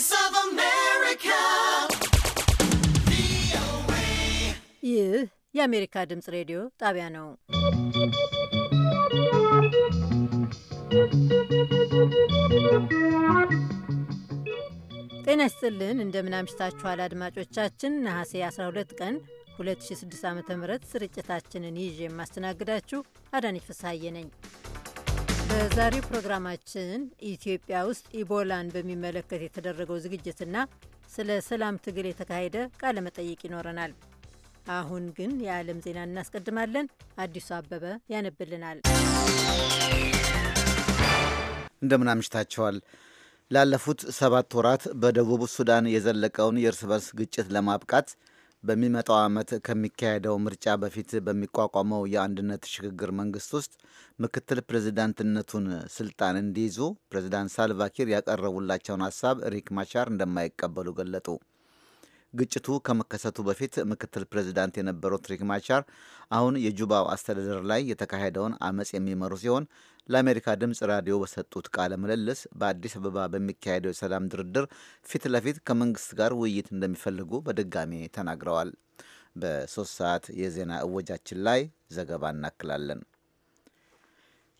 Voice of America. ይህ የአሜሪካ ድምፅ ሬዲዮ ጣቢያ ነው። ጤና ይስጥልን፣ እንደምናምሽታችኋል አድማጮቻችን። ነሐሴ 12 ቀን 2006 ዓ ም ስርጭታችንን ይዤ የማስተናግዳችሁ አዳነች ፍስሐዬ ነኝ። በዛሬው ፕሮግራማችን ኢትዮጵያ ውስጥ ኢቦላን በሚመለከት የተደረገው ዝግጅትና ስለ ሰላም ትግል የተካሄደ ቃለ መጠይቅ ይኖረናል። አሁን ግን የዓለም ዜና እናስቀድማለን። አዲሱ አበበ ያነብልናል። እንደምን አምሽታቸዋል። ላለፉት ሰባት ወራት በደቡብ ሱዳን የዘለቀውን የእርስ በርስ ግጭት ለማብቃት በሚመጣው ዓመት ከሚካሄደው ምርጫ በፊት በሚቋቋመው የአንድነት ሽግግር መንግስት ውስጥ ምክትል ፕሬዚዳንትነቱን ስልጣን እንዲይዙ ፕሬዚዳንት ሳልቫኪር ያቀረቡላቸውን ሀሳብ ሪክ ማቻር እንደማይቀበሉ ገለጡ። ግጭቱ ከመከሰቱ በፊት ምክትል ፕሬዚዳንት የነበሩት ሪክ ማቻር አሁን የጁባው አስተዳደር ላይ የተካሄደውን አመፅ የሚመሩ ሲሆን ለአሜሪካ ድምፅ ራዲዮ በሰጡት ቃለ ምልልስ በአዲስ አበባ በሚካሄደው የሰላም ድርድር ፊት ለፊት ከመንግስት ጋር ውይይት እንደሚፈልጉ በድጋሚ ተናግረዋል። በሶስት ሰዓት የዜና እወጃችን ላይ ዘገባ እናክላለን።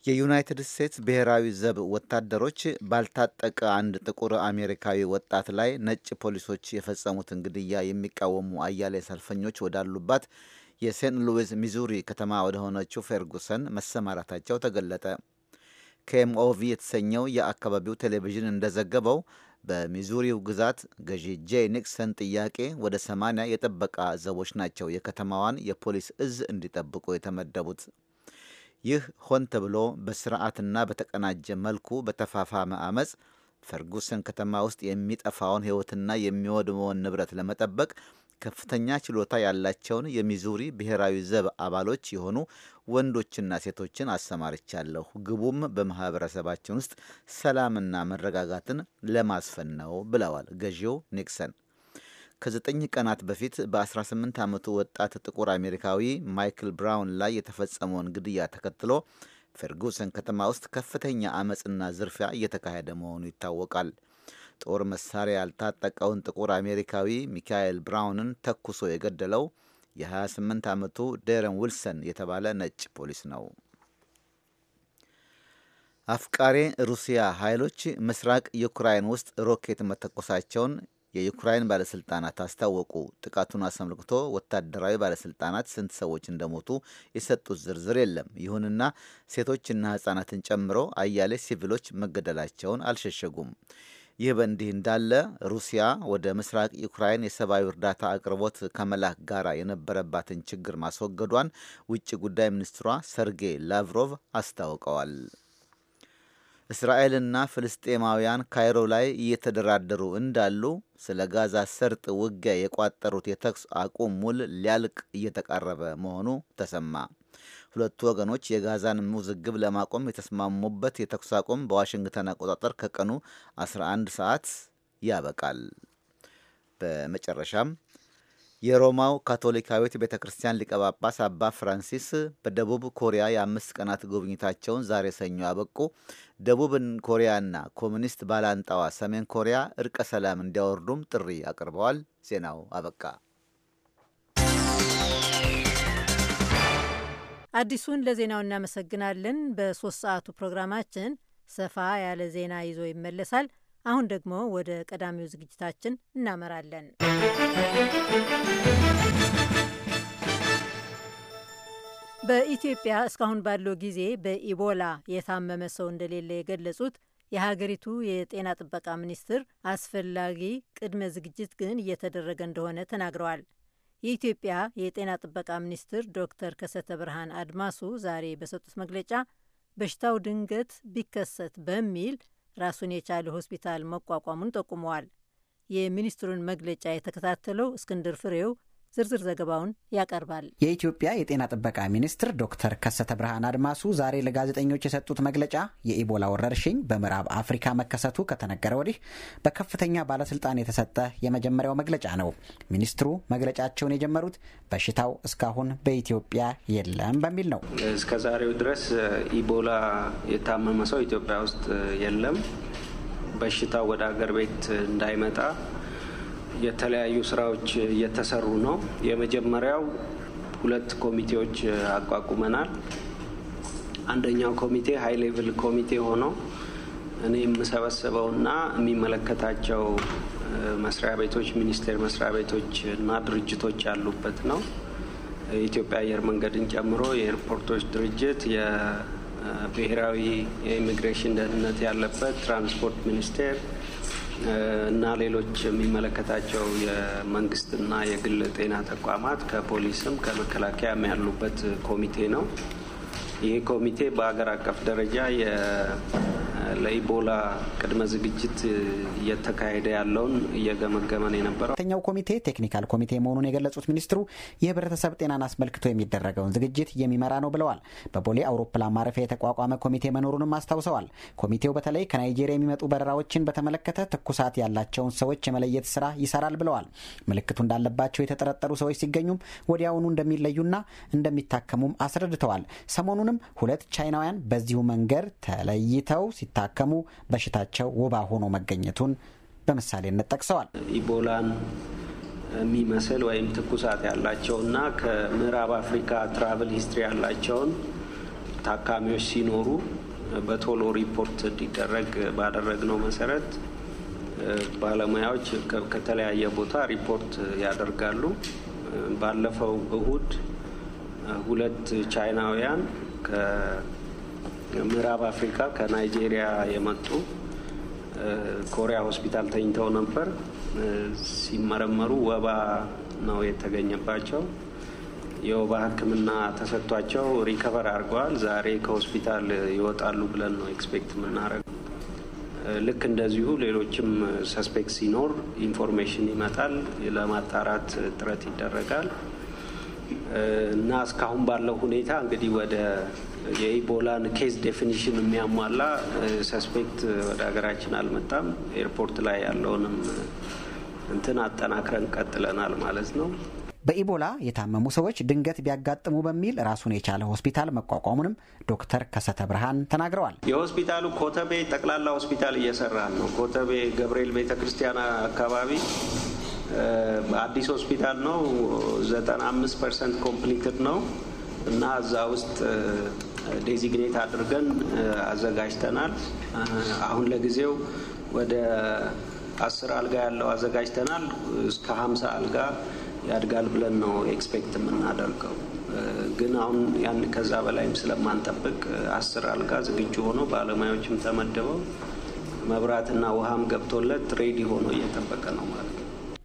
የዩናይትድ ስቴትስ ብሔራዊ ዘብ ወታደሮች ባልታጠቀ አንድ ጥቁር አሜሪካዊ ወጣት ላይ ነጭ ፖሊሶች የፈጸሙትን ግድያ የሚቃወሙ አያሌ ሰልፈኞች ወዳሉባት የሴንት ሉዊስ ሚዙሪ ከተማ ወደሆነችው ፌርጉሰን መሰማራታቸው ተገለጠ። ኬምኦቪ የተሰኘው የአካባቢው ቴሌቪዥን እንደዘገበው በሚዙሪው ግዛት ገዢ ጄ ኒክሰን ጥያቄ ወደ ሰማንያ የጥበቃ ዘቦች ናቸው የከተማዋን የፖሊስ እዝ እንዲጠብቁ የተመደቡት። ይህ ሆን ተብሎ በስርዓትና በተቀናጀ መልኩ በተፋፋመ አመፅ ፈርጉሰን ከተማ ውስጥ የሚጠፋውን ሕይወትና የሚወድመውን ንብረት ለመጠበቅ ከፍተኛ ችሎታ ያላቸውን የሚዙሪ ብሔራዊ ዘብ አባሎች የሆኑ ወንዶችና ሴቶችን አሰማርቻለሁ። ግቡም በማህበረሰባችን ውስጥ ሰላምና መረጋጋትን ለማስፈን ነው ብለዋል ገዢው ኒክሰን። ከዘጠኝ ቀናት በፊት በ18 ዓመቱ ወጣት ጥቁር አሜሪካዊ ማይክል ብራውን ላይ የተፈጸመውን ግድያ ተከትሎ ፌርጉሰን ከተማ ውስጥ ከፍተኛ አመፅና ዝርፊያ እየተካሄደ መሆኑ ይታወቃል። ጦር መሳሪያ ያልታጠቀውን ጥቁር አሜሪካዊ ሚካኤል ብራውንን ተኩሶ የገደለው የ28 ዓመቱ ዴረን ዊልሰን የተባለ ነጭ ፖሊስ ነው። አፍቃሬ ሩሲያ ኃይሎች ምስራቅ ዩክራይን ውስጥ ሮኬት መተኮሳቸውን የዩክራይን ባለስልጣናት አስታወቁ። ጥቃቱን አስመልክቶ ወታደራዊ ባለስልጣናት ስንት ሰዎች እንደሞቱ የሰጡት ዝርዝር የለም። ይሁንና ሴቶችና ሕጻናትን ጨምሮ አያሌ ሲቪሎች መገደላቸውን አልሸሸጉም። ይህ በእንዲህ እንዳለ ሩሲያ ወደ ምስራቅ ዩክራይን የሰብአዊ እርዳታ አቅርቦት ከመላክ ጋር የነበረባትን ችግር ማስወገዷን ውጭ ጉዳይ ሚኒስትሯ ሰርጌይ ላቭሮቭ አስታውቀዋል። እስራኤልና ፍልስጤማውያን ካይሮ ላይ እየተደራደሩ እንዳሉ ስለ ጋዛ ሰርጥ ውጊያ የቋጠሩት የተኩስ አቁም ውል ሊያልቅ እየተቃረበ መሆኑ ተሰማ። ሁለቱ ወገኖች የጋዛን ውዝግብ ለማቆም የተስማሙበት የተኩስ አቁም በዋሽንግተን አቆጣጠር ከቀኑ 11 ሰዓት ያበቃል። በመጨረሻም የሮማው ካቶሊካዊት ቤተ ክርስቲያን ሊቀ ጳጳስ አባ ፍራንሲስ በደቡብ ኮሪያ የአምስት ቀናት ጉብኝታቸውን ዛሬ ሰኞ አበቁ። ደቡብ ኮሪያና ኮሚኒስት ባላንጣዋ ሰሜን ኮሪያ እርቀ ሰላም እንዲያወርዱም ጥሪ አቅርበዋል። ዜናው አበቃ። አዲሱን ለዜናው እናመሰግናለን። በሶስት ሰዓቱ ፕሮግራማችን ሰፋ ያለ ዜና ይዞ ይመለሳል። አሁን ደግሞ ወደ ቀዳሚው ዝግጅታችን እናመራለን። በኢትዮጵያ እስካሁን ባለው ጊዜ በኢቦላ የታመመ ሰው እንደሌለ የገለጹት የሀገሪቱ የጤና ጥበቃ ሚኒስትር አስፈላጊ ቅድመ ዝግጅት ግን እየተደረገ እንደሆነ ተናግረዋል። የኢትዮጵያ የጤና ጥበቃ ሚኒስትር ዶክተር ከሰተ ብርሃን አድማሱ ዛሬ በሰጡት መግለጫ በሽታው ድንገት ቢከሰት በሚል ራሱን የቻለ ሆስፒታል መቋቋሙን ጠቁመዋል። የሚኒስትሩን መግለጫ የተከታተለው እስክንድር ፍሬው ዝርዝር ዘገባውን ያቀርባል። የኢትዮጵያ የጤና ጥበቃ ሚኒስትር ዶክተር ከሰተ ብርሃን አድማሱ ዛሬ ለጋዜጠኞች የሰጡት መግለጫ የኢቦላ ወረርሽኝ በምዕራብ አፍሪካ መከሰቱ ከተነገረ ወዲህ በከፍተኛ ባለስልጣን የተሰጠ የመጀመሪያው መግለጫ ነው። ሚኒስትሩ መግለጫቸውን የጀመሩት በሽታው እስካሁን በኢትዮጵያ የለም በሚል ነው። እስከ ዛሬው ድረስ ኢቦላ የታመመ ሰው ኢትዮጵያ ውስጥ የለም። በሽታው ወደ አገር ቤት እንዳይመጣ የተለያዩ ስራዎች እየተሰሩ ነው። የመጀመሪያው ሁለት ኮሚቴዎች አቋቁመናል። አንደኛው ኮሚቴ ሀይ ሌቭል ኮሚቴ ሆኖ እኔ የምሰበስበውና የሚመለከታቸው መስሪያ ቤቶች፣ ሚኒስቴር መስሪያ ቤቶች እና ድርጅቶች ያሉበት ነው። የኢትዮጵያ አየር መንገድን ጨምሮ የኤርፖርቶች ድርጅት፣ የብሔራዊ የኢሚግሬሽን ደህንነት ያለበት፣ ትራንስፖርት ሚኒስቴር እና ሌሎች የሚመለከታቸው የመንግስትና የግል ጤና ተቋማት ከፖሊስም ከመከላከያም ያሉበት ኮሚቴ ነው። ይህ ኮሚቴ በሀገር አቀፍ ደረጃ ለኢቦላ ቅድመ ዝግጅት እየተካሄደ ያለውን እየገመገመን የነበረው ተኛው ኮሚቴ ቴክኒካል ኮሚቴ መሆኑን የገለጹት ሚኒስትሩ የህብረተሰብ ጤናን አስመልክቶ የሚደረገውን ዝግጅት የሚመራ ነው ብለዋል። በቦሌ አውሮፕላን ማረፊያ የተቋቋመ ኮሚቴ መኖሩንም አስታውሰዋል። ኮሚቴው በተለይ ከናይጄሪያ የሚመጡ በረራዎችን በተመለከተ ትኩሳት ያላቸውን ሰዎች የመለየት ስራ ይሰራል ብለዋል። ምልክቱ እንዳለባቸው የተጠረጠሩ ሰዎች ሲገኙም ወዲያውኑ እንደሚለዩና እንደሚታከሙም አስረድተዋል። ሰሞኑንም ሁለት ቻይናውያን በዚሁ መንገድ ተለይተው ሲታከሙ በሽታቸው ወባ ሆኖ መገኘቱን በምሳሌነት ጠቅሰዋል። ኢቦላን የሚመስል ወይም ትኩሳት ያላቸውና ከምዕራብ አፍሪካ ትራቭል ሂስትሪ ያላቸውን ታካሚዎች ሲኖሩ በቶሎ ሪፖርት እንዲደረግ ባደረግነው መሰረት ባለሙያዎች ከተለያየ ቦታ ሪፖርት ያደርጋሉ። ባለፈው እሁድ ሁለት ቻይናውያን ምዕራብ አፍሪካ ከናይጄሪያ የመጡ ኮሪያ ሆስፒታል ተኝተው ነበር። ሲመረመሩ ወባ ነው የተገኘባቸው። የወባ ሕክምና ተሰጥቷቸው ሪከቨር አድርገዋል። ዛሬ ከሆስፒታል ይወጣሉ ብለን ነው ኤክስፔክት የምናደርገው። ልክ እንደዚሁ ሌሎችም ሰስፔክት ሲኖር ኢንፎርሜሽን ይመጣል፣ ለማጣራት ጥረት ይደረጋል እና እስካሁን ባለው ሁኔታ እንግዲህ ወደ የኢቦላን ኬዝ ዴፊኒሽን የሚያሟላ ሰስፔክት ወደ ሀገራችን አልመጣም። ኤርፖርት ላይ ያለውንም እንትን አጠናክረን ቀጥለናል ማለት ነው። በኢቦላ የታመሙ ሰዎች ድንገት ቢያጋጥሙ በሚል ራሱን የቻለ ሆስፒታል መቋቋሙንም ዶክተር ከሰተ ብርሃን ተናግረዋል። የሆስፒታሉ ኮተቤ ጠቅላላ ሆስፒታል እየሰራን ነው። ኮተቤ ገብርኤል ቤተ ክርስቲያን አካባቢ አዲስ ሆስፒታል ነው። ዘጠና አምስት ፐርሰንት ኮምፕሊትድ ነው እና እዛ ውስጥ ዴዚግኔት አድርገን አዘጋጅተናል። አሁን ለጊዜው ወደ አስር አልጋ ያለው አዘጋጅተናል። እስከ ሀምሳ አልጋ ያድጋል ብለን ነው ኤክስፔክት የምናደርገው። ግን አሁን ያን ከዛ በላይም ስለማንጠብቅ አስር አልጋ ዝግጁ ሆኖ ባለሙያዎችም ተመድበው መብራትና ውሃም ገብቶለት ሬዲ ሆኖ እየጠበቀ ነው ማለት ነው።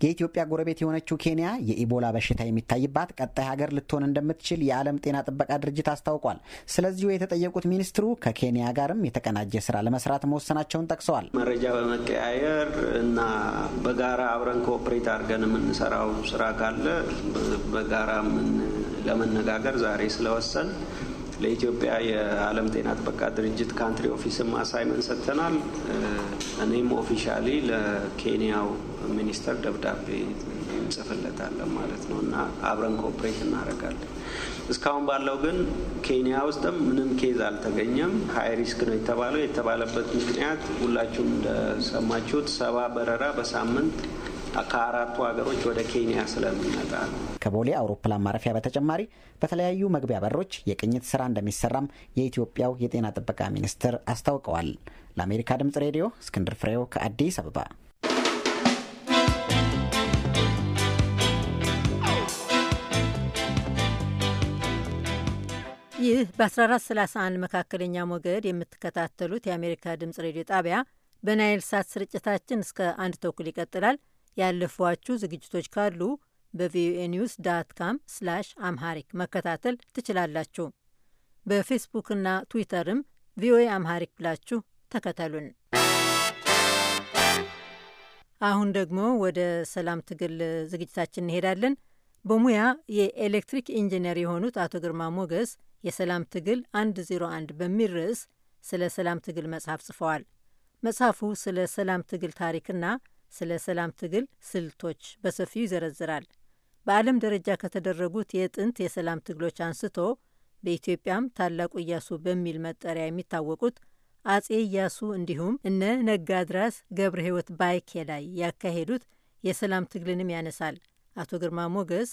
የኢትዮጵያ ጎረቤት የሆነችው ኬንያ የኢቦላ በሽታ የሚታይባት ቀጣይ ሀገር ልትሆን እንደምትችል የዓለም ጤና ጥበቃ ድርጅት አስታውቋል። ስለዚሁ የተጠየቁት ሚኒስትሩ ከኬንያ ጋርም የተቀናጀ ስራ ለመስራት መወሰናቸውን ጠቅሰዋል። መረጃ በመቀያየር እና በጋራ አብረን ኮኦፕሬት አድርገን የምንሰራው ስራ ካለ በጋራ ለመነጋገር ዛሬ ስለወሰን ለኢትዮጵያ የዓለም ጤና ጥበቃ ድርጅት ካንትሪ ኦፊስም አሳይመን ሰጥተናል። እኔም ኦፊሻሊ ለኬንያው ሚኒስተር ደብዳቤ እንጽፍለታለን ማለት ነው እና አብረን ኮኦፕሬት እናደርጋለን። እስካሁን ባለው ግን ኬንያ ውስጥም ምንም ኬዝ አልተገኘም። ሀይ ሪስክ ነው የተባለው የተባለበት ምክንያት ሁላችሁም እንደሰማችሁት ሰባ በረራ በሳምንት ከአራቱ ሀገሮች ወደ ኬንያ ስለምንመጣ ነው። ከቦሌ አውሮፕላን ማረፊያ በተጨማሪ በተለያዩ መግቢያ በሮች የቅኝት ስራ እንደሚሰራም የኢትዮጵያው የጤና ጥበቃ ሚኒስትር አስታውቀዋል። ለአሜሪካ ድምጽ ሬዲዮ እስክንድር ፍሬው ከአዲስ አበባ። ይህ በ1431 መካከለኛ ሞገድ የምትከታተሉት የአሜሪካ ድምጽ ሬዲዮ ጣቢያ በናይል ሳት ስርጭታችን እስከ አንድ ተኩል ይቀጥላል። ያለፏችሁ ዝግጅቶች ካሉ በቪኦኤ ኒውስ ዳት ካም ስላሽ አምሃሪክ መከታተል ትችላላችሁ። በፌስቡክና ትዊተርም ቪኦኤ አምሃሪክ ብላችሁ ተከተሉን። አሁን ደግሞ ወደ ሰላም ትግል ዝግጅታችን እንሄዳለን። በሙያ የኤሌክትሪክ ኢንጂነር የሆኑት አቶ ግርማ ሞገስ የሰላም ትግል 101 በሚል ርዕስ ስለ ሰላም ትግል መጽሐፍ ጽፈዋል። መጽሐፉ ስለ ሰላም ትግል ታሪክና ስለ ሰላም ትግል ስልቶች በሰፊው ይዘረዝራል። በዓለም ደረጃ ከተደረጉት የጥንት የሰላም ትግሎች አንስቶ በኢትዮጵያም ታላቁ እያሱ በሚል መጠሪያ የሚታወቁት አጼ እያሱ እንዲሁም እነ ነጋድራስ ገብረ ሕይወት ባይኬ ላይ ያካሄዱት የሰላም ትግልንም ያነሳል። አቶ ግርማ ሞገስ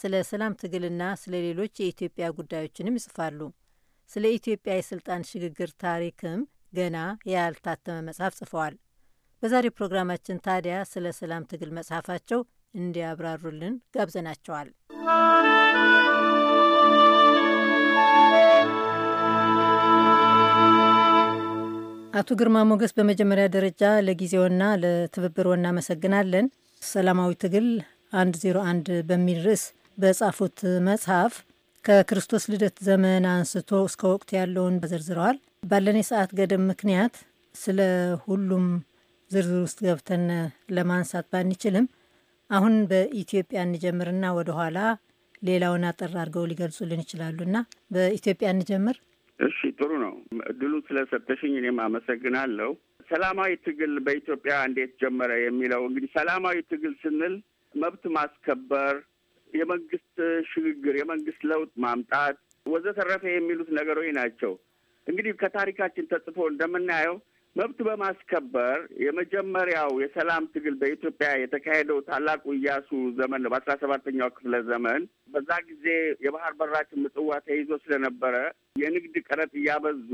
ስለ ሰላም ትግልና ስለ ሌሎች የኢትዮጵያ ጉዳዮችንም ይጽፋሉ። ስለ ኢትዮጵያ የስልጣን ሽግግር ታሪክም ገና ያልታተመ መጽሐፍ ጽፈዋል። በዛሬው ፕሮግራማችን ታዲያ ስለ ሰላም ትግል መጽሐፋቸው እንዲያብራሩልን ጋብዘናቸዋል። አቶ ግርማ ሞገስ፣ በመጀመሪያ ደረጃ ለጊዜውና ለትብብሮ እናመሰግናለን። ሰላማዊ ትግል 101 በሚል ርዕስ በጻፉት መጽሐፍ ከክርስቶስ ልደት ዘመን አንስቶ እስከ ወቅት ያለውን ዘርዝረዋል። ባለን የሰዓት ገደብ ምክንያት ስለ ሁሉም ዝርዝር ውስጥ ገብተን ለማንሳት ባንችልም አሁን በኢትዮጵያ እንጀምርና ወደ ኋላ ሌላውን አጠር አድርገው ሊገልጹልን ይችላሉና በኢትዮጵያ እንጀምር። እሺ፣ ጥሩ ነው። እድሉ ስለሰጠሽኝ እኔም አመሰግናለሁ። ሰላማዊ ትግል በኢትዮጵያ እንዴት ጀመረ የሚለው እንግዲህ ሰላማዊ ትግል ስንል መብት ማስከበር፣ የመንግስት ሽግግር፣ የመንግስት ለውጥ ማምጣት ወዘተረፈ የሚሉት ነገሮች ናቸው። እንግዲህ ከታሪካችን ተጽፎ እንደምናየው መብት በማስከበር የመጀመሪያው የሰላም ትግል በኢትዮጵያ የተካሄደው ታላቁ እያሱ ዘመን በአስራ ሰባተኛው ክፍለ ዘመን በዛ ጊዜ የባህር በራችን ምጽዋ ተይዞ ስለነበረ የንግድ ቀረጥ እያበዙ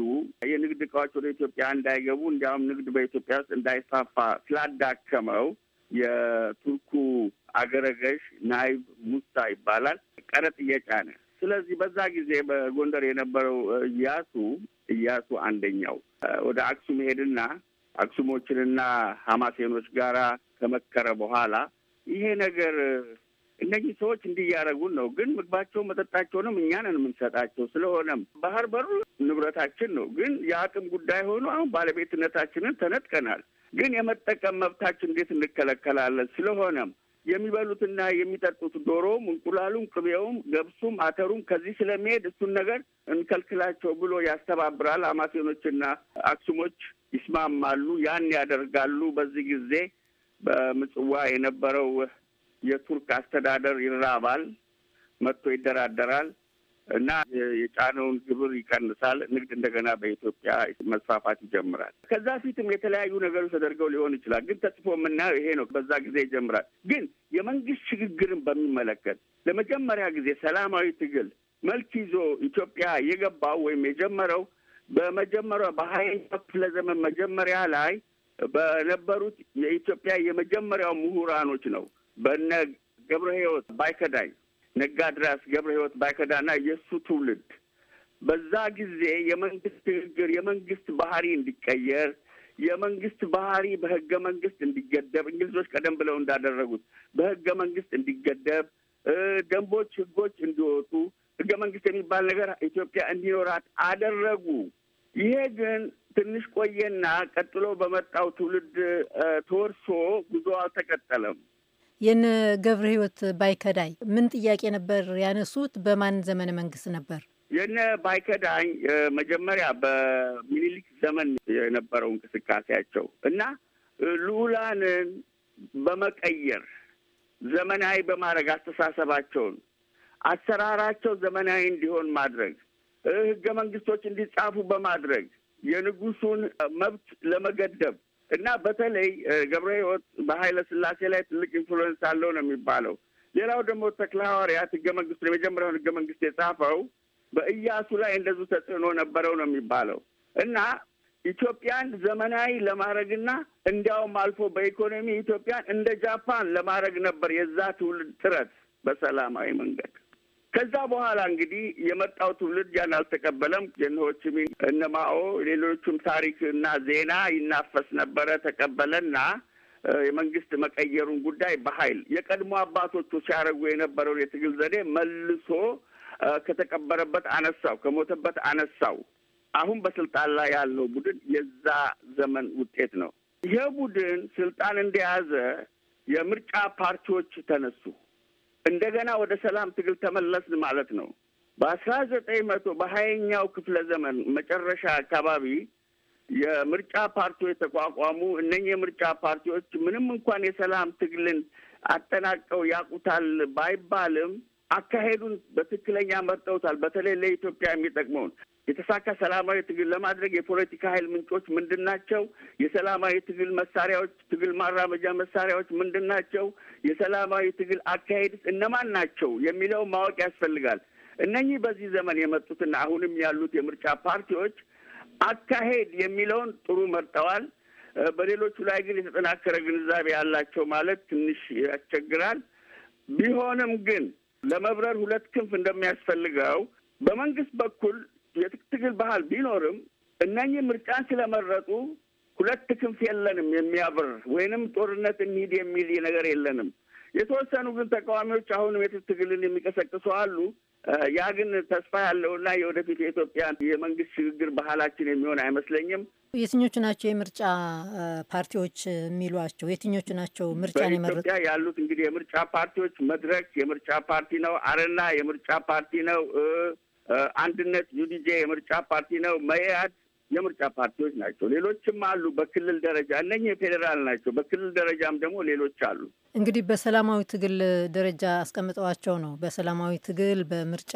የንግድ እቃዎች ወደ ኢትዮጵያ እንዳይገቡ እንዲያውም ንግድ በኢትዮጵያ ውስጥ እንዳይስፋፋ ስላዳከመው የቱርኩ አገረገዥ ናይብ ሙሳ ይባላል ቀረጥ እየጫነ ስለዚህ በዛ ጊዜ በጎንደር የነበረው እያሱ እያሱ አንደኛው ወደ አክሱም ሄድና አክሱሞችንና ሀማሴኖች ጋራ ከመከረ በኋላ ይሄ ነገር እነዚህ ሰዎች እንዲያደረጉን ነው፣ ግን ምግባቸው መጠጣቸውንም እኛንን የምንሰጣቸው ስለሆነም ባህር በሩ ንብረታችን ነው፣ ግን የአቅም ጉዳይ ሆኖ አሁን ባለቤትነታችንን ተነጥቀናል፣ ግን የመጠቀም መብታችን እንዴት እንከለከላለን? ስለሆነም የሚበሉትና የሚጠጡት ዶሮውም፣ እንቁላሉም፣ ቅቤውም፣ ገብሱም፣ አተሩም ከዚህ ስለሚሄድ እሱን ነገር እንከልክላቸው ብሎ ያስተባብራል። አማቴኖችና አክሱሞች ይስማማሉ፣ ያን ያደርጋሉ። በዚህ ጊዜ በምጽዋ የነበረው የቱርክ አስተዳደር ይራባል፣ መጥቶ ይደራደራል። እና የጫነውን ግብር ይቀንሳል። ንግድ እንደገና በኢትዮጵያ መስፋፋት ይጀምራል። ከዛ ፊትም የተለያዩ ነገሮች ተደርገው ሊሆን ይችላል፣ ግን ተጽፎ የምናየው ይሄ ነው። በዛ ጊዜ ይጀምራል። ግን የመንግስት ሽግግርን በሚመለከት ለመጀመሪያ ጊዜ ሰላማዊ ትግል መልክ ይዞ ኢትዮጵያ የገባው ወይም የጀመረው በመጀመሪያ በሀያኛው ክፍለ ዘመን መጀመሪያ ላይ በነበሩት የኢትዮጵያ የመጀመሪያው ምሁራኖች ነው። በነ ገብረ ሕይወት ባይከዳኝ ነጋድራስ ገብረ ህይወት ባይከዳና የእሱ ትውልድ በዛ ጊዜ የመንግስት ንግግር የመንግስት ባህሪ እንዲቀየር የመንግስት ባህሪ በህገ መንግስት እንዲገደብ እንግሊዞች ቀደም ብለው እንዳደረጉት በህገ መንግስት እንዲገደብ ደንቦች፣ ህጎች እንዲወጡ ህገ መንግስት የሚባል ነገር ኢትዮጵያ እንዲኖራት አደረጉ። ይሄ ግን ትንሽ ቆየና ቀጥሎ በመጣው ትውልድ ተወርሶ ጉዞ አልተቀጠለም። የነ ገብረ ህይወት ባይከዳኝ ምን ጥያቄ ነበር ያነሱት? በማን ዘመነ መንግስት ነበር? የነ ባይከዳኝ መጀመሪያ በሚኒሊክ ዘመን የነበረው እንቅስቃሴያቸው እና ልዑላንን በመቀየር ዘመናዊ በማድረግ አስተሳሰባቸውን፣ አሰራራቸው ዘመናዊ እንዲሆን ማድረግ፣ ህገ መንግስቶች እንዲጻፉ በማድረግ የንጉሱን መብት ለመገደብ እና በተለይ ገብረ ህይወት በኃይለ ስላሴ ላይ ትልቅ ኢንፍሉዌንስ አለው ነው የሚባለው። ሌላው ደግሞ ተክለ ሐዋርያት ህገ መንግስቱን የመጀመሪያውን ህገ መንግስት የጻፈው በእያሱ ላይ እንደዙ ተጽዕኖ ነበረው ነው የሚባለው እና ኢትዮጵያን ዘመናዊ ለማድረግና እንዲያውም አልፎ በኢኮኖሚ ኢትዮጵያን እንደ ጃፓን ለማድረግ ነበር የዛ ትውልድ ጥረት በሰላማዊ መንገድ ከዛ በኋላ እንግዲህ የመጣው ትውልድ ያን አልተቀበለም። የነሆችሚ እነማኦ ሌሎቹም ታሪክ እና ዜና ይናፈስ ነበረ ተቀበለና የመንግስት መቀየሩን ጉዳይ በኃይል የቀድሞ አባቶቹ ሲያደርጉ የነበረውን የትግል ዘዴ መልሶ ከተቀበረበት አነሳው፣ ከሞተበት አነሳው። አሁን በስልጣን ላይ ያለው ቡድን የዛ ዘመን ውጤት ነው። ይሄ ቡድን ስልጣን እንደያዘ የምርጫ ፓርቲዎች ተነሱ። እንደገና ወደ ሰላም ትግል ተመለስን ማለት ነው። በአስራ ዘጠኝ መቶ በሀያኛው ክፍለ ዘመን መጨረሻ አካባቢ የምርጫ ፓርቲዎች ተቋቋሙ። እነኚህ የምርጫ ፓርቲዎች ምንም እንኳን የሰላም ትግልን አጠናቀው ያቁታል ባይባልም አካሄዱን በትክክለኛ መርጠውታል። በተለይ ለኢትዮጵያ የሚጠቅመውን የተሳካ ሰላማዊ ትግል ለማድረግ የፖለቲካ ኃይል ምንጮች ምንድን ናቸው? የሰላማዊ ትግል መሳሪያዎች፣ ትግል ማራመጃ መሳሪያዎች ምንድን ናቸው? የሰላማዊ ትግል አካሄድስ እነማን ናቸው የሚለው ማወቅ ያስፈልጋል። እነኚህ በዚህ ዘመን የመጡትና አሁንም ያሉት የምርጫ ፓርቲዎች አካሄድ የሚለውን ጥሩ መርጠዋል። በሌሎቹ ላይ ግን የተጠናከረ ግንዛቤ ያላቸው ማለት ትንሽ ያስቸግራል። ቢሆንም ግን ለመብረር ሁለት ክንፍ እንደሚያስፈልገው በመንግስት በኩል የትግል ባህል ቢኖርም እነኚህ ምርጫን ስለመረጡ ሁለት ክንፍ የለንም የሚያብር ወይንም ጦርነት እንሂድ የሚል ነገር የለንም። የተወሰኑ ግን ተቃዋሚዎች አሁንም የትጥቅ ትግልን የሚቀሰቅሱ አሉ። ያ ግን ተስፋ ያለውና የወደፊት የኢትዮጵያ የመንግስት ሽግግር ባህላችን የሚሆን አይመስለኝም። የትኞቹ ናቸው የምርጫ ፓርቲዎች የሚሏቸው? የትኞቹ ናቸው ምርጫን የመረጡ? ያሉት እንግዲህ የምርጫ ፓርቲዎች መድረክ የምርጫ ፓርቲ ነው፣ አረና የምርጫ ፓርቲ ነው አንድነት ዩዲጄ የምርጫ ፓርቲ ነው። መኢአድ የምርጫ ፓርቲዎች ናቸው። ሌሎችም አሉ በክልል ደረጃ እነኚህ የፌዴራል ናቸው። በክልል ደረጃም ደግሞ ሌሎች አሉ። እንግዲህ በሰላማዊ ትግል ደረጃ አስቀምጠዋቸው ነው። በሰላማዊ ትግል በምርጫ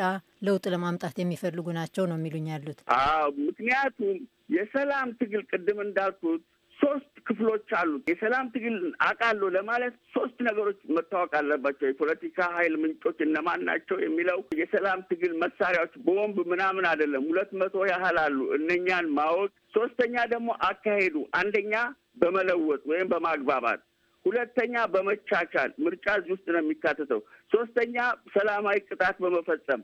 ለውጥ ለማምጣት የሚፈልጉ ናቸው ነው የሚሉኝ ያሉት። አዎ ምክንያቱም የሰላም ትግል ቅድም እንዳልኩት ሶስት ክፍሎች አሉት። የሰላም ትግል አውቃለሁ ለማለት ሶስት ነገሮች መታወቅ አለባቸው። የፖለቲካ ኃይል ምንጮች እነማን ናቸው የሚለው የሰላም ትግል መሳሪያዎች ቦምብ ምናምን አይደለም። ሁለት መቶ ያህል አሉ። እነኛን ማወቅ። ሶስተኛ ደግሞ አካሄዱ፣ አንደኛ በመለወጥ ወይም በማግባባት፣ ሁለተኛ በመቻቻል ምርጫ እዚህ ውስጥ ነው የሚካተተው። ሶስተኛ ሰላማዊ ቅጣት በመፈጸም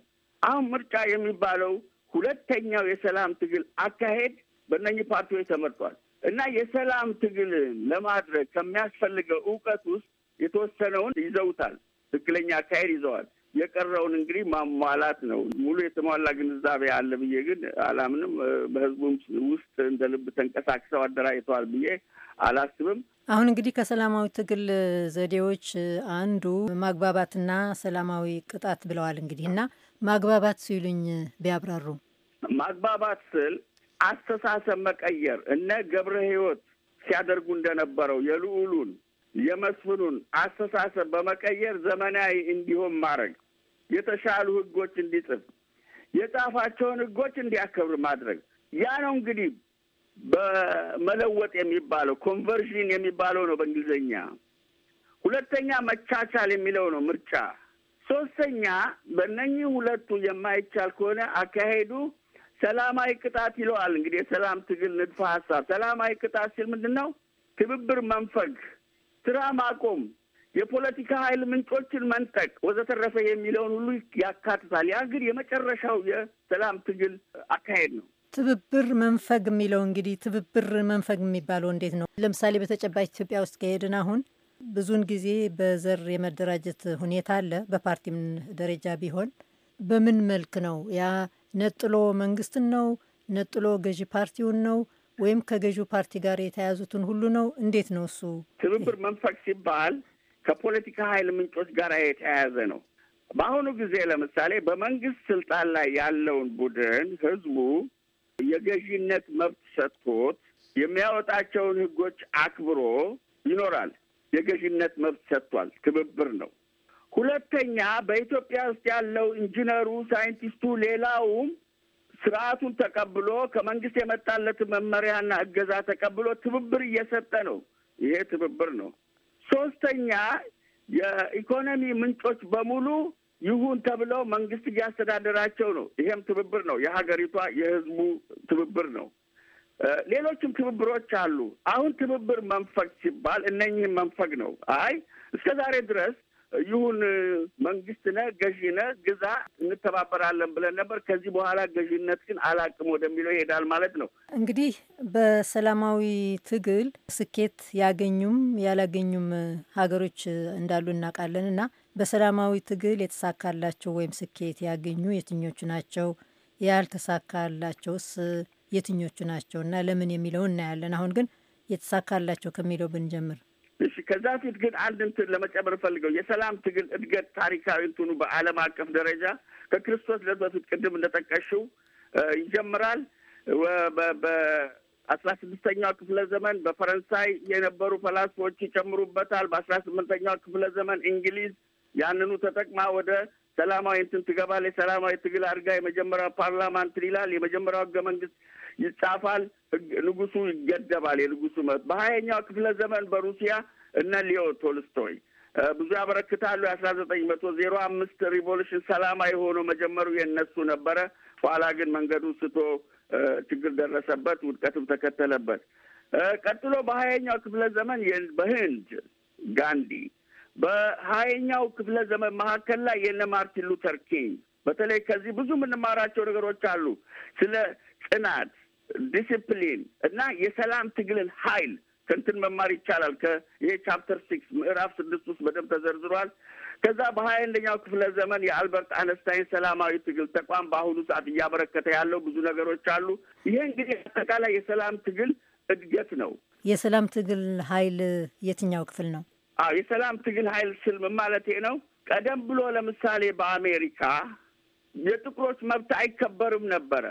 አሁን ምርጫ የሚባለው ሁለተኛው የሰላም ትግል አካሄድ በእነኚህ ፓርቲዎች ተመርጧል። እና የሰላም ትግል ለማድረግ ከሚያስፈልገው እውቀት ውስጥ የተወሰነውን ይዘውታል። ትክክለኛ አካሄድ ይዘዋል። የቀረውን እንግዲህ ማሟላት ነው። ሙሉ የተሟላ ግንዛቤ አለ ብዬ ግን አላምንም። በህዝቡም ውስጥ እንደ ልብ ተንቀሳቅሰው አደራጅተዋል ብዬ አላስብም። አሁን እንግዲህ ከሰላማዊ ትግል ዘዴዎች አንዱ ማግባባትና ሰላማዊ ቅጣት ብለዋል። እንግዲህ እና ማግባባት ሲሉኝ ቢያብራሩ ማግባባት ስል አስተሳሰብ መቀየር እነ ገብረ ህይወት ሲያደርጉ እንደነበረው የልዑሉን የመስፍኑን አስተሳሰብ በመቀየር ዘመናዊ እንዲሆን ማድረግ፣ የተሻሉ ህጎች እንዲጽፍ፣ የጻፋቸውን ህጎች እንዲያከብር ማድረግ ያ ነው እንግዲህ በመለወጥ የሚባለው ኮንቨርዥን የሚባለው ነው በእንግሊዝኛ። ሁለተኛ መቻቻል የሚለው ነው ምርጫ። ሶስተኛ በእነኚህ ሁለቱ የማይቻል ከሆነ አካሄዱ ሰላማዊ ቅጣት ይለዋል። እንግዲህ የሰላም ትግል ንድፈ ሀሳብ ሰላማዊ ቅጣት ሲል ምንድን ነው? ትብብር መንፈግ፣ ስራ ማቆም፣ የፖለቲካ ኃይል ምንጮችን መንጠቅ ወዘተረፈ የሚለውን ሁሉ ያካትታል። ያ ግን የመጨረሻው የሰላም ትግል አካሄድ ነው። ትብብር መንፈግ የሚለው እንግዲህ ትብብር መንፈግ የሚባለው እንዴት ነው? ለምሳሌ በተጨባጭ ኢትዮጵያ ውስጥ ከሄድን አሁን ብዙውን ጊዜ በዘር የመደራጀት ሁኔታ አለ። በፓርቲም ደረጃ ቢሆን በምን መልክ ነው ያ ነጥሎ መንግስትን ነው፣ ነጥሎ ገዢ ፓርቲውን ነው ወይም ከገዢው ፓርቲ ጋር የተያዙትን ሁሉ ነው? እንዴት ነው እሱ? ትብብር መንፈቅ ሲባል ከፖለቲካ ኃይል ምንጮች ጋር የተያያዘ ነው። በአሁኑ ጊዜ ለምሳሌ በመንግስት ስልጣን ላይ ያለውን ቡድን ህዝቡ የገዢነት መብት ሰጥቶት የሚያወጣቸውን ህጎች አክብሮ ይኖራል። የገዢነት መብት ሰጥቷል። ትብብር ነው። ሁለተኛ በኢትዮጵያ ውስጥ ያለው ኢንጂነሩ፣ ሳይንቲስቱ፣ ሌላውም ስርዓቱን ተቀብሎ ከመንግስት የመጣለት መመሪያና እገዛ ተቀብሎ ትብብር እየሰጠ ነው። ይሄ ትብብር ነው። ሶስተኛ የኢኮኖሚ ምንጮች በሙሉ ይሁን ተብለው መንግስት እያስተዳደራቸው ነው። ይሄም ትብብር ነው። የሀገሪቷ የህዝቡ ትብብር ነው። ሌሎችም ትብብሮች አሉ። አሁን ትብብር መንፈግ ሲባል እነኝህም መንፈግ ነው። አይ እስከ ዛሬ ድረስ ይሁን መንግስት ነህ ገዢ ነህ ግዛ እንተባበራለን ብለን ነበር። ከዚህ በኋላ ገዢነት ግን አላቅም ወደሚለው ይሄዳል ማለት ነው። እንግዲህ በሰላማዊ ትግል ስኬት ያገኙም ያላገኙም ሀገሮች እንዳሉ እናውቃለን እና በሰላማዊ ትግል የተሳካላቸው ወይም ስኬት ያገኙ የትኞቹ ናቸው? ያልተሳካላቸውስ የትኞቹ ናቸው? እና ለምን የሚለው እናያለን። አሁን ግን የተሳካላቸው ከሚለው ብንጀምር እሺ ከዛ ፊት ግን አንድ እንትን ለመጨመር ፈልገው የሰላም ትግል እድገት ታሪካዊ እንትኑ በዓለም አቀፍ ደረጃ ከክርስቶስ ልደት በፊት ቅድም እንደጠቀሽው ይጀምራል። በአስራ ስድስተኛው ክፍለ ዘመን በፈረንሳይ የነበሩ ፈላስፎች ይጨምሩበታል። በአስራ ስምንተኛው ክፍለ ዘመን እንግሊዝ ያንኑ ተጠቅማ ወደ ሰላማዊ እንትን ትገባል። የሰላማዊ ትግል አድርጋ የመጀመሪያው ፓርላማ እንትን ይላል። የመጀመሪያው ህገ መንግስት ይጻፋል። ንጉሱ ይገደባል። የንጉሱ መብት በሀያኛው ክፍለ ዘመን በሩሲያ እነ ሊዮ ቶልስቶይ ብዙ ያበረክታሉ። የአስራ ዘጠኝ መቶ ዜሮ አምስት ሪቮሉሽን ሰላማዊ ሆኖ መጀመሩ የነሱ ነበረ። ኋላ ግን መንገዱ ስቶ ችግር ደረሰበት፣ ውድቀትም ተከተለበት። ቀጥሎ በሀያኛው ክፍለ ዘመን በህንድ ጋንዲ፣ በሀያኛው ክፍለ ዘመን መካከል ላይ የነ ማርቲን ሉተር ኪንግ በተለይ ከዚህ ብዙ የምንማራቸው ነገሮች አሉ ስለ ጽናት ዲስፕሊን እና የሰላም ትግልን ኃይል ከንትን መማር ይቻላል። ይሄ ቻፕተር ሲክስ ምዕራፍ ስድስት ውስጥ በደንብ ተዘርዝሯል። ከዛ በሀያ አንደኛው ክፍለ ዘመን የአልበርት አነስታይን ሰላማዊ ትግል ተቋም በአሁኑ ሰዓት እያበረከተ ያለው ብዙ ነገሮች አሉ። ይሄ እንግዲህ አጠቃላይ የሰላም ትግል እድገት ነው። የሰላም ትግል ኃይል የትኛው ክፍል ነው? አዎ የሰላም ትግል ኃይል ስልም ማለቴ ነው። ቀደም ብሎ ለምሳሌ በአሜሪካ የጥቁሮች መብት አይከበርም ነበረ።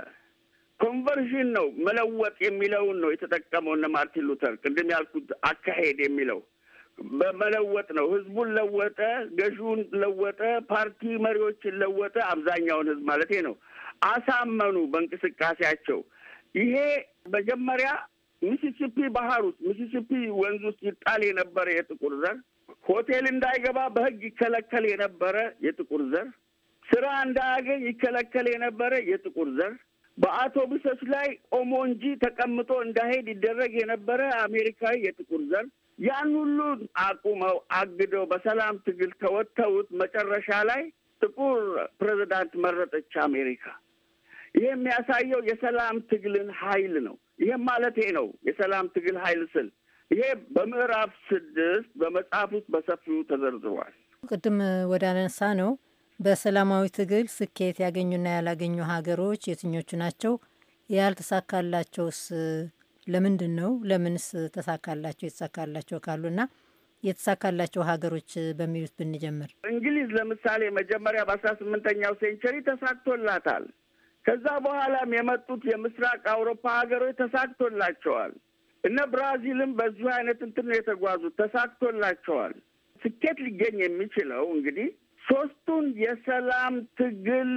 ኮንቨርዥን ነው መለወጥ የሚለውን ነው የተጠቀመው። እነ ማርቲን ሉተር ቅድም ያልኩት አካሄድ የሚለው በመለወጥ ነው። ህዝቡን ለወጠ፣ ገዢውን ለወጠ፣ ፓርቲ መሪዎችን ለወጠ፣ አብዛኛውን ህዝብ ማለት ነው። አሳመኑ በእንቅስቃሴያቸው። ይሄ መጀመሪያ ሚሲሲፒ ባህር ውስጥ ሚሲሲፒ ወንዝ ውስጥ ይጣል የነበረ የጥቁር ዘር፣ ሆቴል እንዳይገባ በህግ ይከለከል የነበረ የጥቁር ዘር፣ ስራ እንዳያገኝ ይከለከል የነበረ የጥቁር ዘር በአውቶቡሶች ላይ ኦሞ እንጂ ተቀምጦ እንዳሄድ ይደረግ የነበረ አሜሪካዊ የጥቁር ዘር ያን ሁሉ አቁመው አግደው በሰላም ትግል ተወተውት መጨረሻ ላይ ጥቁር ፕሬዚዳንት መረጠች አሜሪካ። ይህ የሚያሳየው የሰላም ትግልን ኃይል ነው። ይህም ማለት ነው የሰላም ትግል ኃይል ስል ይሄ በምዕራፍ ስድስት በመጽሐፍ ውስጥ በሰፊው ተዘርዝሯል። ቅድም ወደ አነሳ ነው በሰላማዊ ትግል ስኬት ያገኙና ያላገኙ ሀገሮች የትኞቹ ናቸው? ያልተሳካላቸውስ ለምንድን ነው? ለምንስ ተሳካላቸው? የተሳካላቸው ካሉና የተሳካላቸው ሀገሮች በሚሉት ብንጀምር እንግሊዝ ለምሳሌ መጀመሪያ በአስራ ስምንተኛው ሴንቸሪ ተሳክቶላታል። ከዛ በኋላም የመጡት የምስራቅ አውሮፓ ሀገሮች ተሳክቶላቸዋል። እነ ብራዚልም በዚሁ አይነት እንትን ነው የተጓዙት፣ ተሳክቶላቸዋል። ስኬት ሊገኝ የሚችለው እንግዲህ ሶስቱን የሰላም ትግል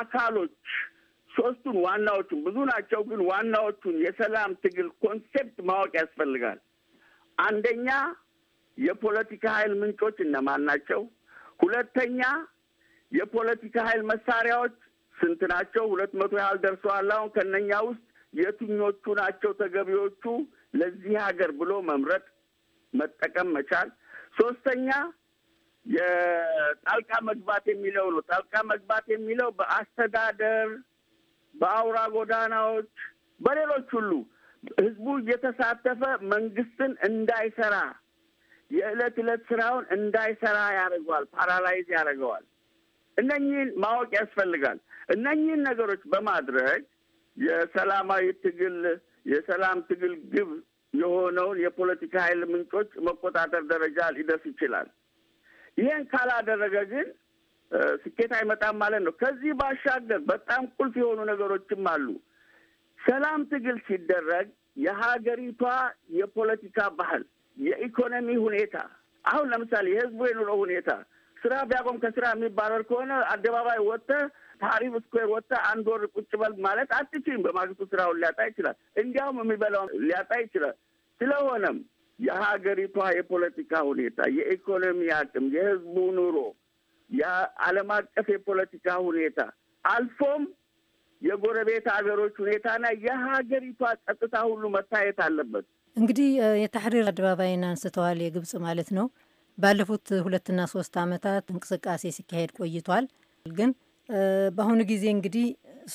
አካሎች ሶስቱን ዋናዎቹን ብዙ ናቸው፣ ግን ዋናዎቹን የሰላም ትግል ኮንሴፕት ማወቅ ያስፈልጋል። አንደኛ የፖለቲካ ኃይል ምንጮች እነማን ናቸው? ሁለተኛ የፖለቲካ ኃይል መሳሪያዎች ስንት ናቸው? ሁለት መቶ ያህል ደርሰዋል። አሁን ከነኛ ውስጥ የትኞቹ ናቸው ተገቢዎቹ ለዚህ ሀገር ብሎ መምረጥ መጠቀም መቻል። ሶስተኛ የጣልቃ መግባት የሚለው ነው። ጣልቃ መግባት የሚለው በአስተዳደር፣ በአውራ ጎዳናዎች፣ በሌሎች ሁሉ ህዝቡ እየተሳተፈ መንግስትን እንዳይሰራ የዕለት ዕለት ስራውን እንዳይሰራ ያደርገዋል፣ ፓራላይዝ ያደርገዋል። እነኚህን ማወቅ ያስፈልጋል። እነኚህን ነገሮች በማድረግ የሰላማዊ ትግል የሰላም ትግል ግብ የሆነውን የፖለቲካ ኃይል ምንጮች መቆጣጠር ደረጃ ሊደርስ ይችላል። ይህን ካላደረገ ግን ስኬት አይመጣም ማለት ነው። ከዚህ ባሻገር በጣም ቁልፍ የሆኑ ነገሮችም አሉ። ሰላም ትግል ሲደረግ የሀገሪቷ የፖለቲካ ባህል፣ የኢኮኖሚ ሁኔታ አሁን ለምሳሌ የህዝቡ የኑሮ ሁኔታ ስራ ቢያቆም ከስራ የሚባረር ከሆነ አደባባይ ወጥተ ታሪፍ ስኩዌር ወጥተ አንድ ወር ቁጭ በል ማለት አትችም። በማግስቱ ስራውን ሊያጣ ይችላል። እንዲያውም የሚበላውን ሊያጣ ይችላል። ስለሆነም የሀገሪቷ የፖለቲካ ሁኔታ፣ የኢኮኖሚ አቅም፣ የህዝቡ ኑሮ፣ የዓለም አቀፍ የፖለቲካ ሁኔታ አልፎም የጎረቤት ሀገሮች ሁኔታና የሀገሪቷ ጸጥታ ሁሉ መታየት አለበት። እንግዲህ የታሕሪር አደባባይን አንስተዋል፣ የግብጽ ማለት ነው። ባለፉት ሁለትና ሶስት ዓመታት እንቅስቃሴ ሲካሄድ ቆይቷል። ግን በአሁኑ ጊዜ እንግዲህ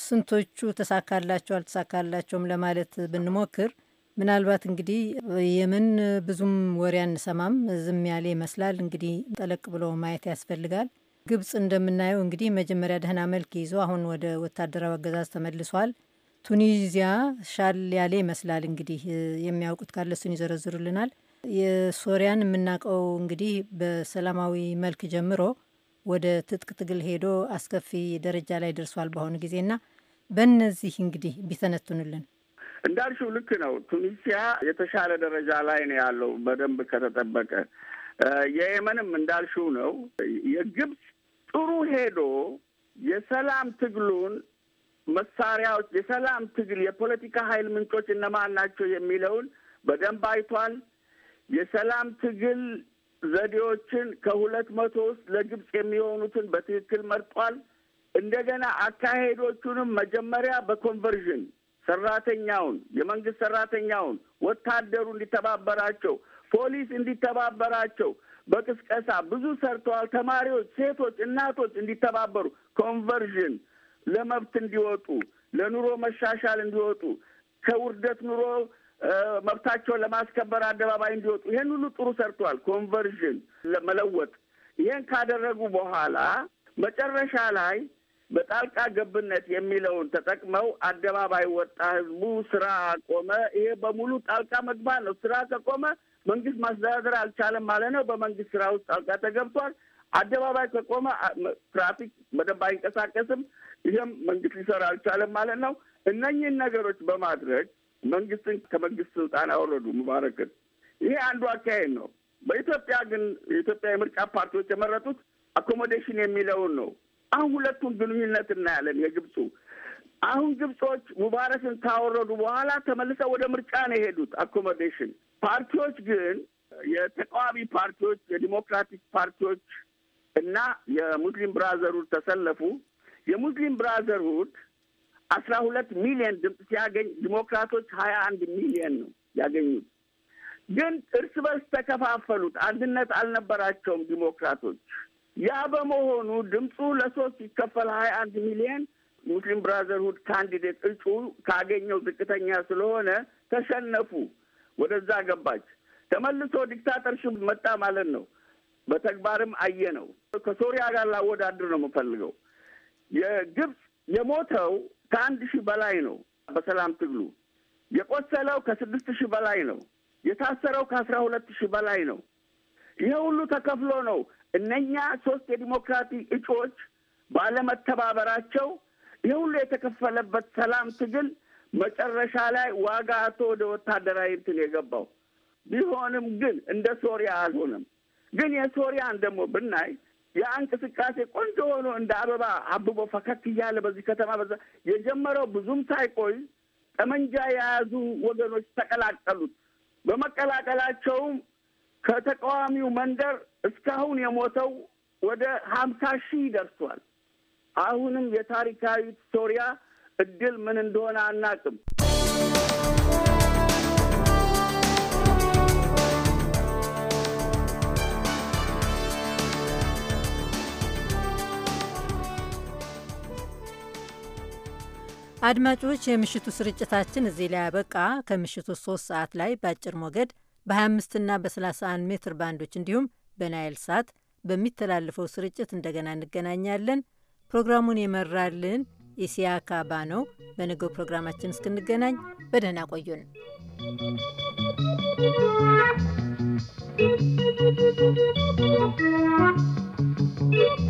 ስንቶቹ ተሳካላቸው አልተሳካላቸውም ለማለት ብንሞክር ምናልባት እንግዲህ የምን ብዙም ወሬ አንሰማም፣ ዝም ያለ ይመስላል። እንግዲህ ጠለቅ ብሎ ማየት ያስፈልጋል። ግብጽ እንደምናየው እንግዲህ መጀመሪያ ደህና መልክ ይዞ አሁን ወደ ወታደራዊ አገዛዝ ተመልሷል። ቱኒዚያ ሻል ያለ ይመስላል። እንግዲህ የሚያውቁት ካለ እሱን ይዘረዝሩልናል። የሶሪያን የምናውቀው እንግዲህ በሰላማዊ መልክ ጀምሮ ወደ ትጥቅ ትግል ሄዶ አስከፊ ደረጃ ላይ ደርሷል በአሁኑ ጊዜና በእነዚህ እንግዲህ ቢተነትኑልን እንዳልሽው ልክ ነው። ቱኒሲያ የተሻለ ደረጃ ላይ ነው ያለው በደንብ ከተጠበቀ። የየመንም እንዳልሽው ነው። የግብፅ ጥሩ ሄዶ የሰላም ትግሉን መሳሪያዎች፣ የሰላም ትግል የፖለቲካ ኃይል ምንጮች እነማን ናቸው የሚለውን በደንብ አይቷል። የሰላም ትግል ዘዴዎችን ከሁለት መቶ ውስጥ ለግብፅ የሚሆኑትን በትክክል መርጧል። እንደገና አካሄዶቹንም መጀመሪያ በኮንቨርዥን ሰራተኛውን፣ የመንግስት ሰራተኛውን፣ ወታደሩ እንዲተባበራቸው፣ ፖሊስ እንዲተባበራቸው በቅስቀሳ ብዙ ሰርተዋል። ተማሪዎች፣ ሴቶች፣ እናቶች እንዲተባበሩ ኮንቨርዥን ለመብት እንዲወጡ ለኑሮ መሻሻል እንዲወጡ ከውርደት ኑሮ መብታቸውን ለማስከበር አደባባይ እንዲወጡ ይህን ሁሉ ጥሩ ሰርተዋል። ኮንቨርዥን ለመለወጥ ይህን ካደረጉ በኋላ መጨረሻ ላይ በጣልቃ ገብነት የሚለውን ተጠቅመው አደባባይ ወጣ፣ ህዝቡ ስራ ቆመ። ይሄ በሙሉ ጣልቃ መግባት ነው። ስራ ከቆመ መንግስት ማስተዳደር አልቻለም ማለት ነው። በመንግስት ስራ ውስጥ ጣልቃ ተገብቷል። አደባባይ ከቆመ ትራፊክ በደንብ አይንቀሳቀስም። ይህም መንግስት ሊሰራ አልቻለም ማለት ነው። እነኝህን ነገሮች በማድረግ መንግስትን ከመንግስት ስልጣን አወረዱ ሙባረክን። ይሄ አንዱ አካሄድ ነው። በኢትዮጵያ ግን የኢትዮጵያ የምርጫ ፓርቲዎች የመረጡት አኮሞዴሽን የሚለውን ነው። አሁን ሁለቱን ግንኙነት እናያለን። የግብፁ አሁን ግብጾች ሙባረክን ካወረዱ በኋላ ተመልሰው ወደ ምርጫ ነው የሄዱት አኮሞዴሽን። ፓርቲዎች ግን የተቃዋሚ ፓርቲዎች የዲሞክራቲክ ፓርቲዎች እና የሙስሊም ብራዘርሁድ ተሰለፉ። የሙስሊም ብራዘርሁድ አስራ ሁለት ሚሊዮን ድምፅ ሲያገኝ ዲሞክራቶች ሀያ አንድ ሚሊዮን ነው ያገኙት። ግን እርስ በርስ ተከፋፈሉት። አንድነት አልነበራቸውም ዲሞክራቶች ያ በመሆኑ ድምፁ ለሶስት ይከፈል ሀያ አንድ ሚሊየን ሙስሊም ብራዘርሁድ ካንዲዴት እጩ ካገኘው ዝቅተኛ ስለሆነ ተሸነፉ። ወደዛ ገባች። ተመልሶ ሽ መጣ ማለት ነው። በተግባርም አየ ነው። ከሶሪያ ጋር ላወዳድር ነው የምፈልገው። የግብፅ የሞተው ከአንድ ሺህ በላይ ነው በሰላም ትግሉ። የቆሰለው ከስድስት ሺህ በላይ ነው። የታሰረው ከአስራ ሁለት ሺህ በላይ ነው። ይሄ ሁሉ ተከፍሎ ነው እነኛ ሶስት የዲሞክራሲ እጩዎች ባለመተባበራቸው የሁሉ የተከፈለበት ሰላም ትግል መጨረሻ ላይ ዋጋ አቶ ወደ ወታደራዊ እንትን የገባው ቢሆንም ግን እንደ ሶሪያ አልሆነም። ግን የሶሪያን ደግሞ ብናይ ያ እንቅስቃሴ ቆንጆ ሆኖ እንደ አበባ አብቦ ፈከክ እያለ በዚህ ከተማ በዛ የጀመረው ብዙም ሳይቆይ ጠመንጃ የያዙ ወገኖች ተቀላቀሉት። በመቀላቀላቸውም ከተቃዋሚው መንደር እስካሁን የሞተው ወደ ሀምሳ ሺህ ደርሷል። አሁንም የታሪካዊት ሶሪያ እድል ምን እንደሆነ አናቅም። አድማጮች፣ የምሽቱ ስርጭታችን እዚህ ላይ ያበቃ። ከምሽቱ ሶስት ሰዓት ላይ በአጭር ሞገድ በ25 እና በ31 ሜትር ባንዶች እንዲሁም በናይል ሳት በሚተላለፈው ስርጭት እንደገና እንገናኛለን። ፕሮግራሙን የመራልን ኢሲያካ ካባ ነው። በነገው ፕሮግራማችን እስክንገናኝ በደህና ቆዩን። Thank you.